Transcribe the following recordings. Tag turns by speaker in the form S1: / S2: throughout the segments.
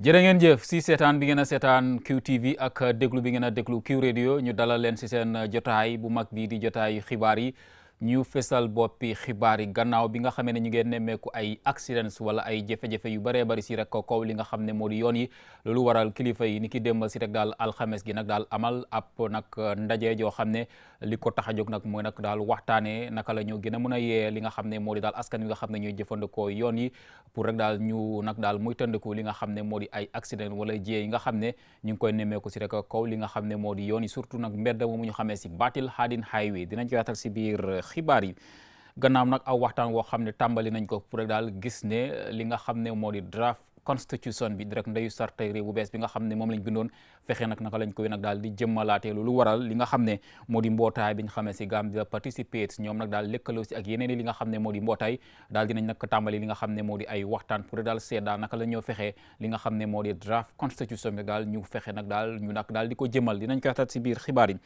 S1: jërë ngeen jëf si seetaan bi ngeen a seetaan QTV ak déglu bi ngeen a déglu Q Radio ñu dalal leen si seen jotaay bu mag bii di jotaay xibaar yi ñu fesal boppi xibaar yi gannaaw bi nga xamee ne ñu ngeen nemmeeku ay accidents wala ay jafe-jafe yu bëree bari si rek kaw li nga xam ne moo di yoon yi loolu waral kilifa yi ni ki démb si rek daal alxames gi nag daal amal ab nag ndaje joo xam ne li ko tax a jog nag mooy nag daal waxtaanee naka la ñu gën a mën a yee li nga xam ne moo di daal askan wi nga xam ne ñooy jëfandikoo yoon yi pour rek daal ñu nag daal muy tëndiku li nga xam ne moo di ay accident wala jiyee yi nga xam ne ñu ngi koy nemmeeku si rek kaw li nga xam ne moo di yoon yi surtout nag mbedd moomu ñu xamee si Batil Hadin Highway dinañ ko yaatal si biir xibaar yi gannaaw nag a waxtaan woo xam ne tàmbali nañ ko pour rek daal gis ne li nga xam ne moo di draft constitution bi direk rek ndeyu sartay réew bu bees bi nga xam ne moom lañ bindoon fexe nag naka lañ koy nag daal di jëmmalaatee lu waral li nga xam ne moo di mbootaay bi ñu xamee si Gambia Participate ñoom nag daal lëkkaloo si ak yeneen li nga xam ne moo di mbootaay daal dinañ nag tàmbali li nga xam ne moo di ay waxtaan pour daal seet daal naka la ñoo fexe li nga xam ne moo di draft constitution bi daal ñu fexe nag daal ñu nag daal di ko jëmal dinañ ko waxtaan si biir xibaar yi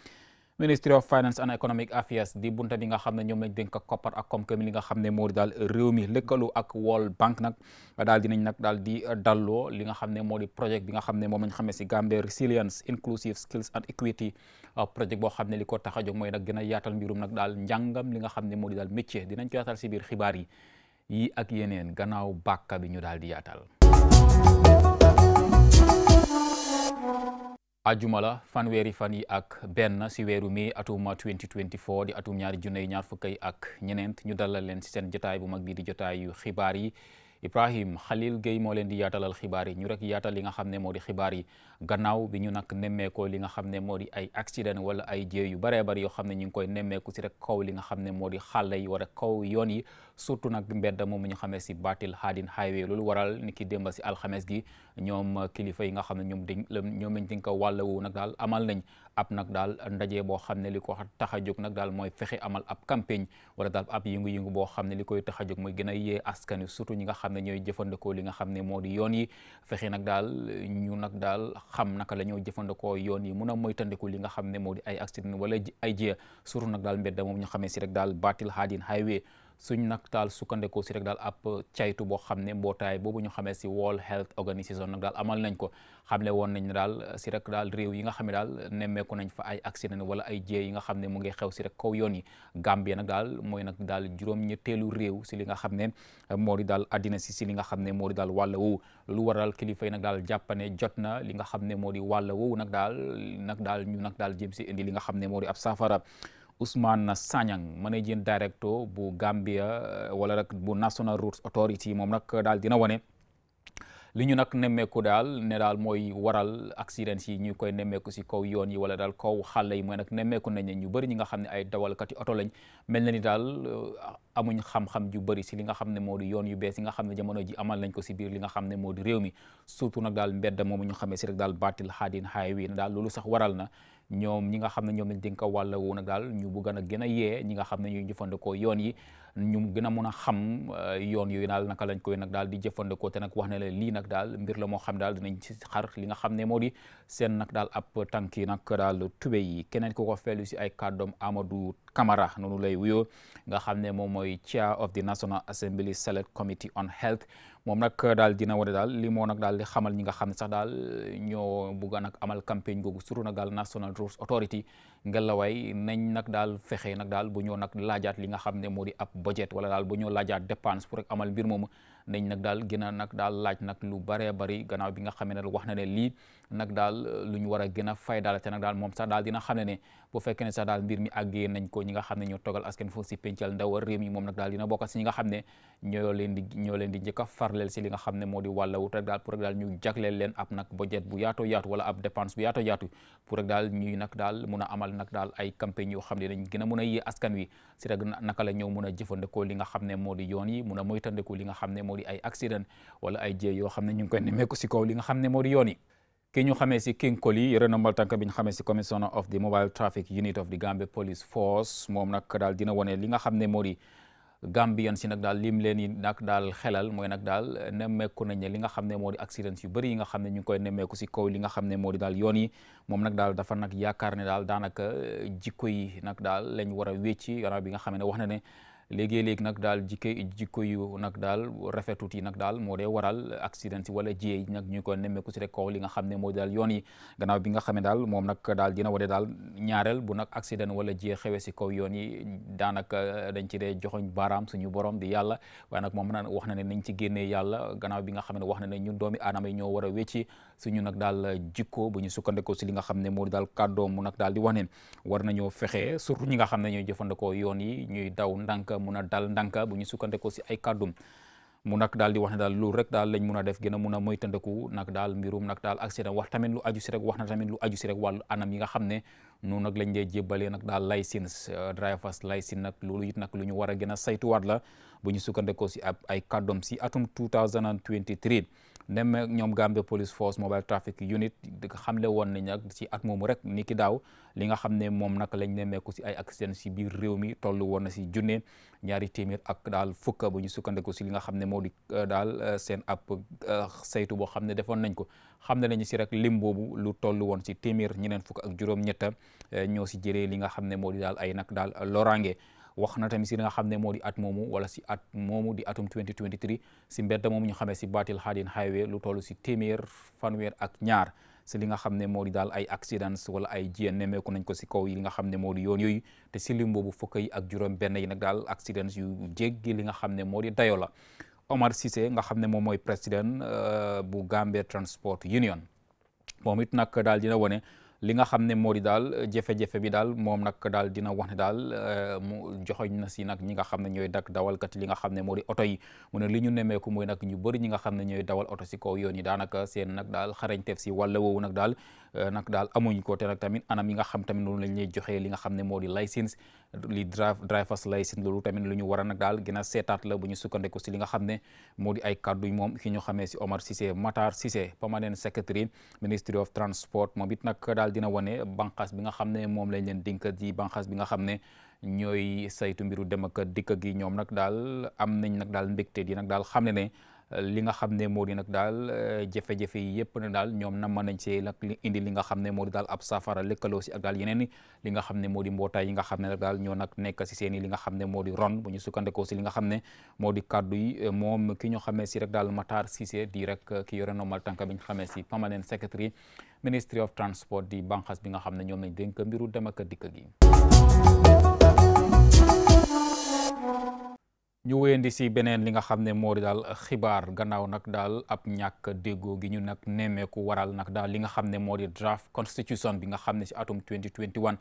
S1: Ministry of Finance and Economic Affairs di bunta bi xam ne ñoom lañ dénk koppar ak koom-koom li nga xam ne moo di daal réew mi lëkkalu ak World Bank nag daal di dalloo li nga xam ne moo di projet bi nga xam ne moom xam xamee si Gambia Resilience Inclusive Skills and Equity uh, projet boo xam ne li ko tax a jóg mooy nag dina yaatal mbirum nag daal njàngam li nga xam ne moo di daal métier dinañ ko yaatal si biir xibaar yi yi ak yeneen gannaaw bàkka bi ñu daal di yaatal ajuma la fanweeri fan yi ak benn si weeru mi atum 2024 di atum ñaari junne yi ñaar fukk ak ñeneent ñu dalal leen si seen jotaay bu mag bii di jotaayu xibaar yi Ibrahim Khalil Gueye moo leen di yaatalal xibaar yi ñu rek yaatal li nga xam ne moo di xibaar yi gannaaw bi ñu nag nemmeekoo li nga xam ne moo di ay accident wala ay jéey yu baree bari yoo xam ne ñu ngi koy nemmeeku si rek kaw li nga xam ne moo di xàll yi wala kaw yoon yi surtout nag mbedd moom ñu xamee si Batil Hadin Highway loolu waral ni ki démba si alxames gi ñoom kilifa yi nga xam ne ñoom dañ ñoom lañ dañ ko wàllawu nag daal amal nañ ab nag daal ndaje boo xam ne li ko tax a jóg nag daal mooy fexe amal ab campagne wala daal ab yëngu-yëngu boo xam ne li koy tax a jóg mooy gën a yee askan wi surtout ñi nga xam ne ñooy jëfandikoo li nga xam ne moo di yoon yi fexe nag daal ñu nag daal xam naka la ñoo jëfandikoo yoon yi mun a moytandiku li nga xam ne moo di ay accident wala ay jie surtout nag daal mbedd moom ñu xamee si rek daal Batil Hadin Highway suñ nag daal sukkandekoo si rek daal ab caytu boo xam ne mbootaay boobu ñu xamee si World Health Organisation nag daal amal nañ ko xamle woon nañ daal si rek daal réew yi nga xam ne daal nemmeeku nañ fa ay accident wala ay jee yi nga xam ne mu ngi xew si rek kaw yoon yi Gambia nag daal mooy nag daal juróom-ñetteelu réew si li nga xam ne moo di daal àddina si si li nga xam ne moo di daal wàll woowu lu waral kilifa yi nag daal jàppane jot na li nga xam ne moo di wàll nag daal nag daal ñu nag daal jëm si indi li nga xam ne moo di ab saafara Ousmane Sagnang managing director bu Gambia eh, wala rek bu National Roads Authority moom nag daal dina wone li ñu nag nemmeeku daal ne daal mooy waral accident yi ñu koy nemmeeku si kaw yoon yi wala daal kaw xàll yi mooy nag nemmeeku nañ ne ñu bëri ñi nga xam ne ay dawalkati oto lañ mel na ni daal eh, amuñ xam-xam ju bëri si li nga xam ne moo di yoon yu bees yi nga xam ne jamono ji amal nañ ko si biir li nga xam ne moo di réew mi surtout nag daal mbedd moomu ñu xamee si rek daal Batil Hadin Highway daal loolu sax waral na ñoom ñi nga xam ne ñoom lañ dénk wàll woo nag daal ñu bëgg a gën a yee ñi nga xam ne ñuy jëfandikoo yoon yi ñu gën a mën a xam euh, yoon yooyu daal naka lañ ko nag daal di jëfandikoo te nag wax ne la lii nag daal mbir la moo xam daal dinañ ci xar li nga xam ne moo di seen nag daal ab tànk yi nag daal tube yi keneen ku ko feelu si ay kàddoom Amadou Camara noonu lay wuyoo nga xam ne moom mooy chair of the National Assembly Select Committee on Health moom nag daal dina wane daal li nag daal di xamal ñi nga xam ne sax daal ñoo bugg a nag amal campagne googu surtout nag daal National Roads Authority ngelawaay nañ nag daal fexe nag daal bu ñoo laajaat li pour rek amal mbir moomu nañ daal a laaj nag lu baree bari gannaaw bi nga xam ne wax ne lii nag daal euh, lu ñu war a a fay daal te nag daal moom sax daal dina xam ne ne bu ne sax daal mbir mi àggee nañ ko ñi nga ñoo togal askan foofu si pencal ndaw réew mi moom nag daal dina bokk si ñi nga xam ne ñoo leen di ñoo leen di njëkk a farleel si li nga xam ne rek daal pour rek daal leen ab nag budget bu yaatoo yaatu wala nak daal ay campagne yoo xam ne dañ gën a mën a yee askan wi si rek naka la ñëw mën a jëfandikoo li nga xam ne moo di yoon yi mën a moytandiku li nga xam ne moo di ay accident wala ay jee yoo xam ne ñu ngi koy nemmeeku si kaw li nga xam ne moo di yoon yi ki ñu xamee si King Koli yore nombal tànk bi ñu xamee si commissioner of the mobile daal dina wane li nga xam ne moo di Gambien si nag daal lim leen yi nag daal xelal mooy nag daal nemmeeku nañ ne li nga xam ne moo di accident yu bëri yi nga xam ne ñu ngi koy nemmeeku si kaw li nga xam ne moo di daal yoon moom nag daal dafa nag yaakaar ne daal daanaka jikko yi nag daal lañ war a wécci gannaaw bi nga xam ne wax na ne léegi-léegi nag daal jikko jikko yu nag daal rafetut yi nag daal moo dee waral accident wala jiyee yi nag ñu koy nemmeeku si rek kaw li nga xam ne moo daal yoon yi gannaaw bi nga xam ne daal moom nag daal dina daal ñaareel bu nag accident wala jiyee xewee si kaw yoon yi daanaka dañ ci dee joxoñ baaraam suñu borom di yàlla waaye nag moom na wax na ne ñu ci génnee yàlla gannaaw bi nga xam ne wax na ne ñun doomi aadama yi ñoo war a su suñu nag daal jikko bu ñu sukkandikoo si li nga xam ne moo daal kàddoom mu nag daal di wax ne war nañoo fexe surtout ñi nga xam ne ñooy jëfandikoo yoon yi ñuy daw ndànk mun a dal ndànka bu ñu sukkandekoo si ay kàddum mu nag daal di wax ne daal loolu rek daal lañ mun a def gën a mun a moytandiku nag daal mbirum nag daal accident wax tamit lu aju si rek wax na tamit lu aju si rek wàllu nga xam ne noonu nag lañ dee jébbalee nag daal licence euh, drivers licence nag loolu it nag lu ñu war a gën a saytuwaat la bu ñu sukkandekoo si ab ay kàddum si atum 2023 nemme ñoom Gambia Police Force Mobile Traffic Unit le woon nañ nag si at moomu rek ni ki daaw li nga xam ne moom nag lañ nemmeeku si ay accident si biir réew mi tollu woon na si junne ñaari téeméer ak daal fukk bu ñu sukkandiku si li nga xam ne moo di euh, daal euh, seen ab euh, saytu boo xam ne defoon nañ ko xam ne lañu si rek lim boobu lu toll woon si téeméer ñeneen fukk ak juróom-ñett ñoo si jëree li nga xam ne moo di daal ay nag daal loraange. wax na tamit si nga xam ne moo di at moomu wala si at moomu di atum 2023 si mbedd moomu ñu si Batil Hadin Highway lu toll si téeméer fanweer ak ñaar si li nga xam ne moo di daal ay accidents wala ay jiyeen nemmeeku nañ ko si kaw yi li nga xam ne moo di yoon yooyu te si lim boobu fukk yi ak juróom benn yi nag daal accidents yu jéggi li nga xam ne moo di dayo la Omar Cissé nga xam ne moom mooy président euh, bu Gambia Transport Union moom it nag daal dina wone li nga xam ne moo di daal euh, jafe-jafe bi daal moom nag daal dina wax ne daal euh, mu joxoñ na si nag ñi nga xam ne ñooy dak dawalkat li nga xam ne moo di oto yi mu ne li ñu nemeeku mooy nag ñu bëri ñi nga xam ne ñooy dawal oto si ko yoon yi daanaka seen nag daal xarañteef si wàll woowu nag daal Euh, nag daal amuñ ko te tamit anam yi nga xam tamit noonu lañ lay joxe li nga xam ne moo di license li drivers license loolu tamit lu ñu war a nag daal gën a seetaat la bu ñu sukkandiku si li nga xam ne moo di ay kàddu moom ki ñu xamee si Omar Cissé Matar Cissé permanent secretary ministry of transport moom it nag daal dina wane banqaas bi nga xam ne moom lañ leen dénk di banqaas bi nga xam ne ñooy saytu mbiru demaka ak dikk gi ñoom nag daal am nañ nag daal mbégte di nag daal xam ne ne li nga xam ne moo di nag daal euh, jafe-jafe yi yëpp na daal ñoom na mën nañ see nag indi li nga xam ne moo di daal ab saafara lëkkaloo si ak daal yeneen li nga xam ne moo di mbootaay yi nga xam ne nag daal ñoo nag nekk si seen i li nga xam ne moo di ron bu ñu sukkandikoo si li nga xam ne moo di kaddu yi euh, moom ki ñu xamee si rek daal si se di rek euh, ki yore normal tànka bi ñu xamee si permanent secretary ministry of transport di banxas bi nga xam ne ñoo lañ dénk mbiru dem ak dikk gi ñu wéyandi si beneen li nga xam ne moo di daal xibaar gannaaw nag daal ab ñàkk déggoo gi ñu nag nemmeeku waral nag daal li nga xam ne moo di draft constitution bi nga xam ne si atum 2021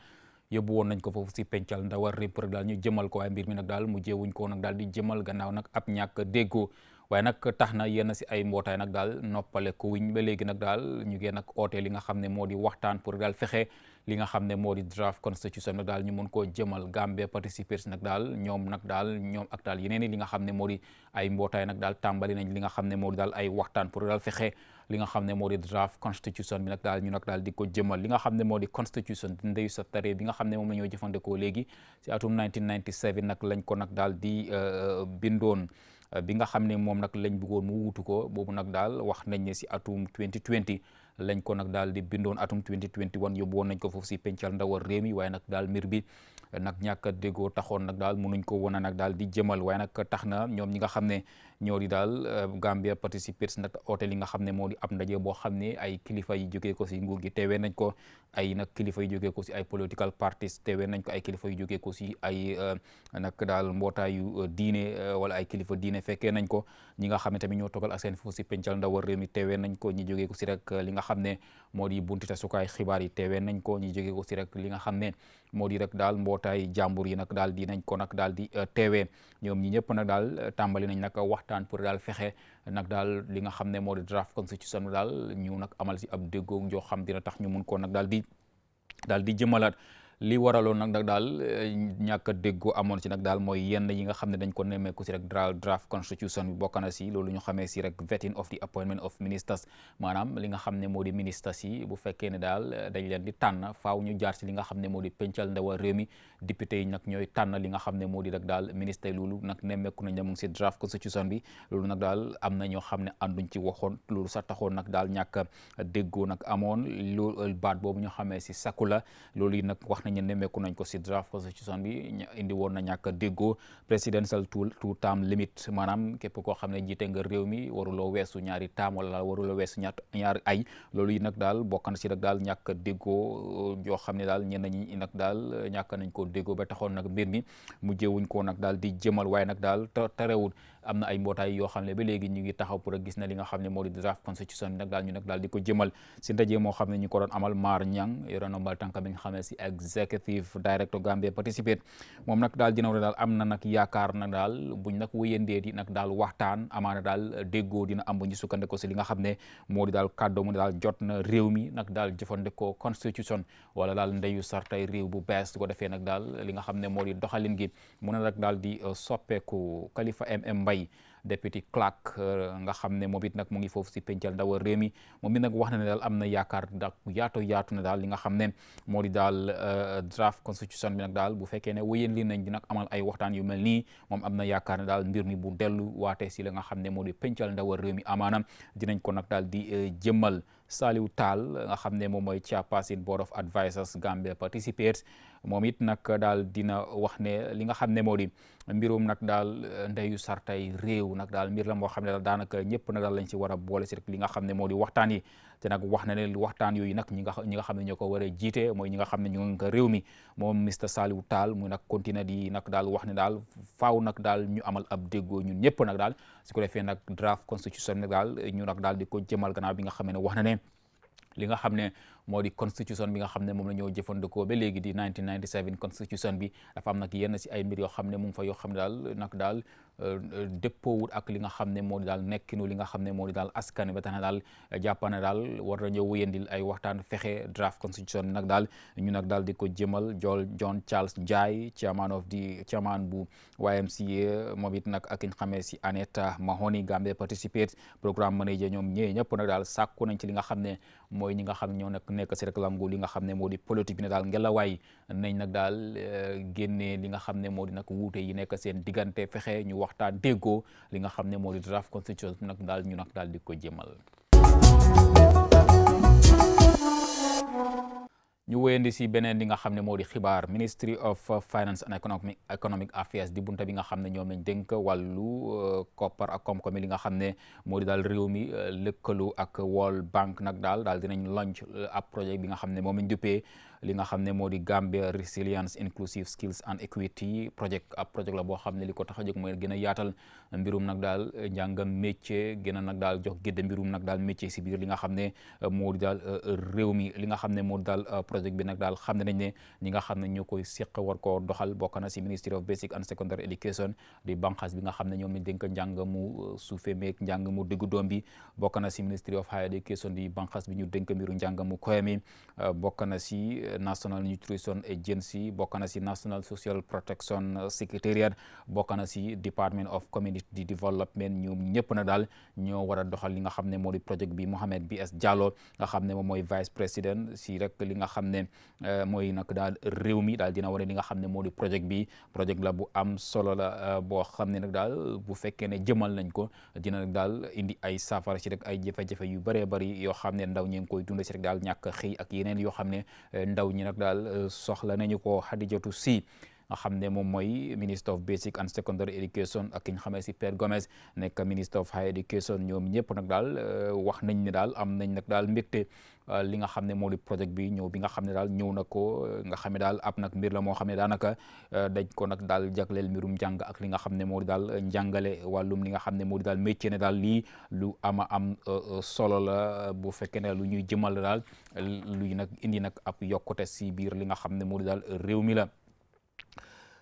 S1: yóbbu woon nañ ko foofu si pencal ndawar répp rek daal ñu jëmal ko waaye mbir mi nag daal mu jéewuñ ko nag daal di jëmal gannaaw nag ab ñàkk déggoo waaye nag tax na yenn si ay mbootaay nag daal noppale ko wuñ ba léegi nag daal ñu ngeen nag oote li nga xam ne moo di waxtaan pour daal fexe li nga xam ne moo di draft constitution nag daal ñu mun koo jëmal Gambia participer si nag daal ñoom nag daal ñoom ak daal yeneen li nga xam ne moo di ay mbootaay nag daal tàmbali nañ li nga xam ne moo di waxtaan pour daal fexe li nga xam ne moo di draft constitution bi nag daal ñu daal di ko jëmal li nga xam ne moo di constitution di ndeyu sa tare bi nga xam ne moom la ñoo jëfandikoo léegi si atum 1997 nag lañ ko nag daal di euh, bindoon bi nga xam ne moom nag lañ bëggoon mu wuutu ko boobu nag daal wax nañ ne si atum 2020 lañ ko nag daal di bindoon atum 2021 yóbbu woon nañ ko foofu si pencal ndawar réew mi waaye nag daal mbir bi nag ñàkk a déggoo nag daal munuñ ko woon a daal di jëmal waaye nag tax na ñoom ñi nga xam ne ñoo di daal euh, Gambia participer si nag hôtel yi nga xam ne moo di ab ndaje boo xam ne ay kilifa yi jógee ko si nguur gi teewee nañ ko ay nag kilifa yi jógee ko si ay political parties teewee nañ ko ay kilifa yu jógee ko si ay euh, nak daal mbootaayu euh, diine wala ay kilifa diine fekkee nañ ko ñi nga xam ne ñoo togal ak seen si pencal ndawar réew nañ ko ñi ko si rek xam ne moo di bunti tasukaay xibaar yi teewee nañ ko ñu jóge aussi rek li nga xam ne moo di rek daal mbootaay jàmbur yi nag daal di nañ ko nag daal di euh, teewee ñoom ñi ñëpp nag daal euh, tàmbali nañ nag waxtaan pour daal fexe nag daal linga nga xam ne moo di draft constitution daal ñu nag amal si ab déggoo joo xam dina tax ñu mun koo nag daal di daal li waraloon nag nag daal eh, ñàkk a déggoo amoon ci nag daal mooy yenn yi nga xam ne dañ ko nemmeeku si rek draft constitution bi bokk na si loolu ñu xamee si rek vetting of the appointment of ministers maanaam li nga xam ne moo di ministres yi bu fekkee ne daal eh, dañ leen di tànn faw ñu jaar si li nga xam ne moo di pencal ndawa réew mi député yi nag ñooy tànn li nga xam ne moo di rek daal ministres yi loolu nag nemmeeku nañ ne mu ngi si draft constitution bi loolu nag daal am na ñoo xam ne ànduñ ci waxoon loolu sax taxoon nag daal ñàkk déggoo nag amoon loolu baat boobu ñu xamee si sakku la loolu nag wax nañ ne nemmeeku nañ ko si draft constitution bi indi woon na ñàkk a déggoo presidential two two term limit maanaam képp koo xam ne jiite nga réew mi waruloo weesu ñaari taam wala waruloo weesu ñaar ñaari ay loolu yi daal bokk na si nag daal ñàkk a déggoo yoo xam ne daal ñenn ñi nag daal ñàkk nañ ko déggoo ba taxoon nag mbir mi mujjewuñ ko nag daal di jëmal waaye nag daal terewul am na ay mbootaay yoo xam ne ba léegi ñu ngi taxaw pour gis na li nga xam ne moo di draft constitution bi nag daal ñu nag daal di ko jëmal si ndaje moo xam ne ñu ko doon amal Mar Niang yore nombal tànk bi xam ne si executive director Gambia participate moom nag daal dina am na nag yaakaar nag daal buñ nag wéyandee di nag daal waxtaan amaana si li nga xam ne moo di daal kàddu mu daal jot na réew mi nag daal jëfandikoo constitution wala daal ndeyu sartay réew bu bees su ko defee nag daal li nga xam ne moo di doxalin gi mu ne nag daal di uh, soppeeku Kalifa MM Mbaye député Clark euh, nga xam ne moom it nag mu ngi foofu si pencal ndaw réew mi moom it nag wax na ne daal am na yaakaar dak yaato yaatu daal li nga xam ne moo di daal euh, draft constitution bi nag daal bu fekkee ne wéyeen li nañ nag amal ay waxtaan yu na daal mbir mi bu dellu waatee si la nga xam ne moo di pencal ndaw réew mi amaana dinañ ko nag daal di euh, Saliou taal nga xam ne moom mooy chairperson board of advisors Gambia Participate moom it nag daal dina wax ne li nga xam ne moo di mbirum nag daal eh, ndeyu sartay réew nag daal mbir la moo xam ne daal daanaka ñëpp nag daal lañ ci war a boole si rek li nga xam ne moo di waxtaan yi te nag wax na ne waxtaan yooyu nag ñi nga ñi nga xam ne a jiite mooy ñi nga xam ne ñoo ngi ko réew mi moom Mr Saliou Tall mu nag continué di nag daal wax ne daal faaw nag daal ñu amal ab déggoo ñun ñëpp nag daal su ko defee nag draft constitution nag daal ñu nak daal di ko jëmal gannaaw bi nga xam ne wax na ne li nga xam moo di constitution bi nga xam ne moom la ñoo jëfandikoo ba léegi di 1997 constitution bi dafa am nag yenn si ay mbir yo xam ne mu fa yoo xam ne daal nag daal euh, dëppoowut ak li nga xam ne moo di daal nekkinu li nga xam ne moo di daal askan ba daal na daal jàppane daal war nañoo wéyandil ay waxtaan fexe draft constitution bi nag daal ñu nag daal di ko jëmal jol John Charles Jai chairman of di chairman bu YMCA moom it nag ak ki nga xamee si Aneta Mahoney Gambia participate programme manager ñoom ñee ñëpp nag daal sàkku nañ ci li nga xam ne mooy ñi nga xam ne ñoo nekk nekk si rek langu li nga xam ne moo di politique bi ne daal ngelawaay nañ nag daal eh, génnee li nga xam ne moo di nag wuute yi nekk seen diggante fexe ñu waxtaan déggoo li nga xam ne moo di draft constitution nag daal ñu nag daal di ko jëmal ñu wéyandi si beneen li nga xam ne moo di xibaar Ministry of Finance and Economic Economic Affairs di bunta bi nga xam ne ñoom lañ denk wàllu euh, koppar ak koom-koom li nga xam ne moo di daal réew mi euh, lëkkalu ak World Bank nag daal daal dinañ launch euh, ab projet bi nga xam ne moom lañ duppee li nga xam ne moo di Gambia Resilience Inclusive Skills and Equity project ab projet la boo xam ne li ko tax a jóg mooy gën a yaatal mbirum nag daal njàngam métier gën a nag daal jox gédde mbirum nag daal métier si biir li nga xam ne moo daal réew mi li nga xam ne moo di daal projet bi nag daal xam nañ ne ñi nga xam ne ñoo koy seq war koo doxal bokk na si Ministry of Basic and Secondary Education di banqaas bi nga xam ne ñoom lañ dénk njàng mu suufee meeg njàng mu diggu doom bi bokk na si Ministry of Higher Education di banqaas bi ñu dénk mbiru njàng mu koy mi bokk na si National Nutrition Agency bokk na si National Social Protection Secretariat bokk na si Department of Community Development ñoom ñëpp na daal ñoo war a doxal li nga xam ne moo di projet bi Mohamed B S Jallow nga xam ne moom mooy vice président si rek li nga xam xam ne euh, mooy nag daal réew mi daal dina wane li nga xam ne moo di projet bi projet la bu am solo la euh, boo xam ne nag daal bu fekkee ne jëmal nañ ko dina nag daal indi ay saafara ci rek ay jafe-jafe yu bëree bari yoo xam ne ndaw ñi ngi koy dund ci rek daal ñàkk xëy ak yeneen yoo xam ne euh, ndaw ñi nag daal soxla nañu ko Xadijatu Si nga xam ne moom mooy ministre of basic and secondary education ak ki nga xamee si Père Gomez nekk ministre of higher education ñoom ñëpp nag daal euh, wax nañ ne daal am nañ nag daal mbégte euh, li nga xam ne moo di projet bi ñëw bi nga xam ne daal ñëw na ko euh, nga xam ne daal ap nag mbir la moo xam ne daanaka dañ ko nag daal jagleel mbirum njàng ak li nga xam ne moo di daal njàngale wàllum li nga xam ne moo di daal métier ne daal lii lu ama am solo la bu fekkee ne lu ñuy jëmal daal luy nag indi nag ap yokkute si biir li nga xam ne moo di daal réew mi la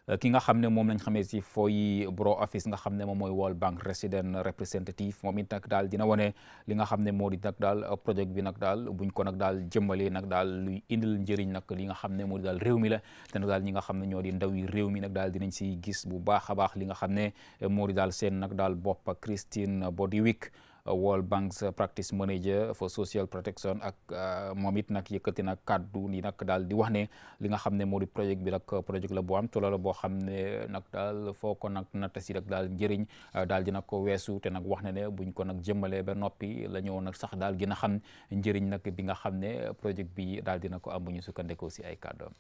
S1: Euh, ki nga xam ne moom lañ xamee si foo yi bureau office nga xam ne moom mooy World Bank resident representative moom it nag daal dina wane li nga xam ne moo di nag daal euh, projet bi nag daal buñ ko nag daal jëmbalee nag daal luy indil njëriñ nag li nga xam ne moo di daal réew mi la te nag daal ñi nga xam ne ñoo di ndaw yi réew mi nag daal dinañ si gis bu baax a baax li nga xam ne euh, moo di daal seen nag daal bopp Christine Bodiwick World Bank's practice manager for social protection ak uh, moom it nag yëkkati nag kàddu ni nag daal di wax ne li nga xam ne moo di projet bi nag projet la boo am solo la boo xam ne nag daal foo ko nag natta si rek daal njëriñ uh, daal di ko weesu te nag wax na ne buñ ko nag jëmbalee ba noppi la ñëw nag sax daal gën a xam njëriñ nag bi nga xam ne projet bi daal dina ko am bu ñu sukkandekoo si ay kàddoom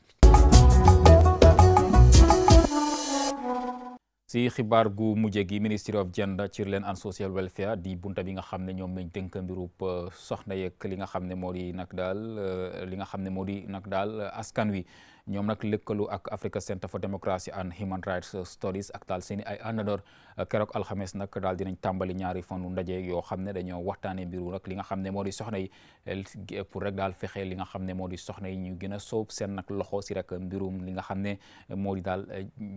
S1: si xibaar gu mujjee gi Ministry of Gender Children and Social Welfare di bunta bi nga xam ne ñoom lañ dënk mbirub euh, soxna yeeg li nga xam ne moo di nag daal euh, li nga xam ne moo di nag daal askan wi ñoom nag lëkkalu ak Africa Center for Democracy and Human Rights Studies ak daal seen i ay àndandoor keroog alxames nag daal dinañ tàmbali ñaari fanu ndaje yoo xam ne dañoo waxtaane mbiru nag li nga xam ne moo di soxna yi pour rek daal fexe li nga xam ne moo di soxna yi ñu gën a soob seen nag loxo si rek mbirum li nga xam ne moo di daal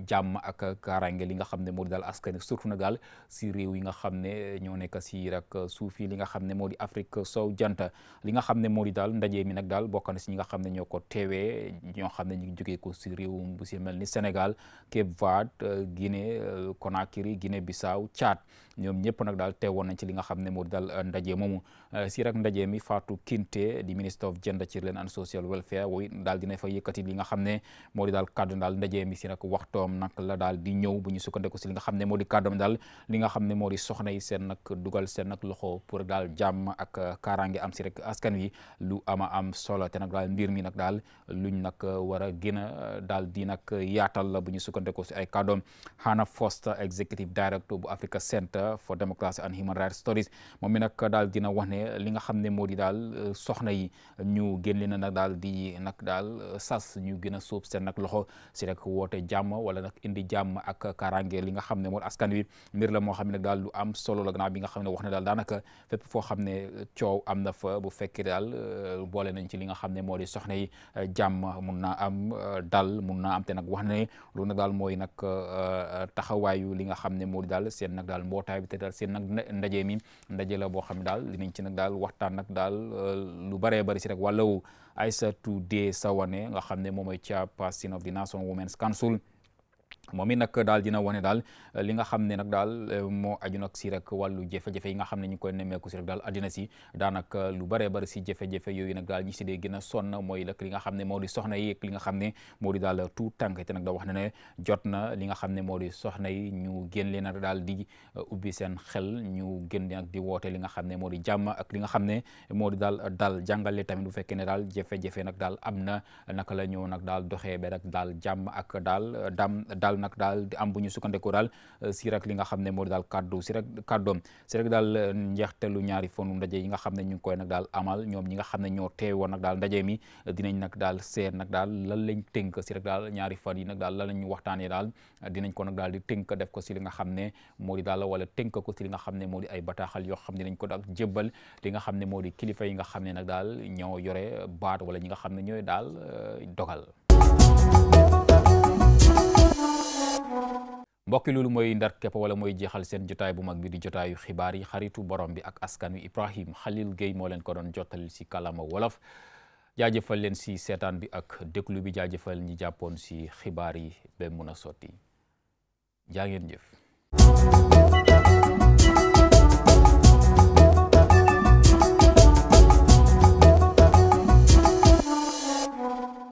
S1: jàmm ak kaaraange li nga xam ne moo di daal askan surtout nag daal si réew yi nga xam ne ñoo nekk si rek suuf yi li nga xam ne moo di Afrique soow jant li nga xam ne moo di daal ndaje mi nag daal bokk na si ñi nga xam ne ñoo ko teewee ñoo xam ne ñu ngi jógee ko si réewum bu mel ni senegal Cape Verde Guinée Conakry Guinée Bissau Tchad ñoom ñëpp nag daal teewoon nañ ci li nga xam ne moo dal euh, ndaje moomu euh, si rek ndaje mi Fatou Kinte di minister of Gender Children and Social Welfare woy daal dina nga xam ne moo di daal kàddu daal mi si nag waxtoom la daal di ñëw bu ñu sukkandiku si li nga xam ne moo di kàddoom daal li nga xam ne moo di soxna yi seen nag dugal seen nag loxo pour daal jàmm ak euh, kaaraange am si rek askan wi lu ama am solo te nag daal mbir mi nag daal luñ nag war a gën a daal di nag yaatal la bu ñu sukkandiku si ay kàddoom Hannah Foster executive director bu Africa Center for Democracy and Human Rights Studies moom mi nag daal dina wax ne li nga xam ne daal euh, soxna yi ñu génn leen nag daal di nag daal euh, sas ñu gën a sóob seen nag loxo si rek woote jàmm wala nag indi jàmm ak karange li nga xam ne moo askan wi mbir la moo xam ne daal lu am solo la gannaaw bi nga xam ne wax ne daal daanaka fépp foo xam ne euh, coow am na fa bu fekkee daal boole nañ ci li nga xam ne moo di soxna yi jàmm mun na am dal mun naa am te nag wax ne loolu daal mooy nag taxawaayu li nga xam ne moo di daal seen nag mbootaay bi te daal seen nag ndaje mi ndaje la boo xam ne daal dinañ ci nag daal waxtaan nag daal euh, lu bëree bari si rek wàllu Aïssatou Dé Sawane nga xam ne moom mooy chairperson of the National Women's Council moom it nag daal dina wane daal eh, li nga xam ne nag daal eh, moo aju nag si rek wàllu jafe-jafe yi nga xam ne ñu koy nemmeeku si rek daal àddina si daanaka lu bëree bëri si jafe-jafe yooyu nag daal ñi si dee gën a sonn mooy nag li nga xam ne moo di soxna yi ak li nga xam ne moo di daal tout tànk te nag wax ne ne jot na li nga xam ne moo di soxna yi ñu gën leen nag daal di eh, ubbi seen xel ñu gën nag di woote li nga xam ne moo di jàmm ak li nga xam ne moo di daal daal jàngale tamit bu fekkee ne daal jafe nag daal am na naka la ñëw nag daal doxe ba rek daal jàmm ak daal dam daal nag daal di am bu ñu sukkandeku daal euh, si rek li nga xam ne moo di daal kaddu si rek kaddoom si rek daal euh, njeextelu ñaari fanu ndaje yi nga xam ne ñu ngi koy nag daal amal ñoom ñi xam ne ñoo teew woon nag daal ndaje mi euh, dinañ nag daal seet nag daal lan lañ tënk si rek daal ñaari fan yi nag daal lan lañu waxtaanee daal dinañ ko nag daal di tënk def ko si li nga xam ne moo di daal wala tënk ko si li nga xam ne moo di ay bataaxal yoo xam ne dinañ ko daal jébbal li nga xam ne moo di kilifa yi nga xam ne nag daal ñoo yore baat wala ñi nga xam ne ñooy daal dogal mbokki loolu mooy ndar képp wala mooy jeexal seen jotaay bu mag bi di jotaayu xibaar yi xaritu borom bi ak askan wi Ibrahim Khalil Gueye moo leen ko doon jottali si kalama wolof jaajëfal leen si seetaan bi ak déglu bi jaajëfal ñi jàppoon si xibaar yi ba mun a sotti jaa ngeen jëf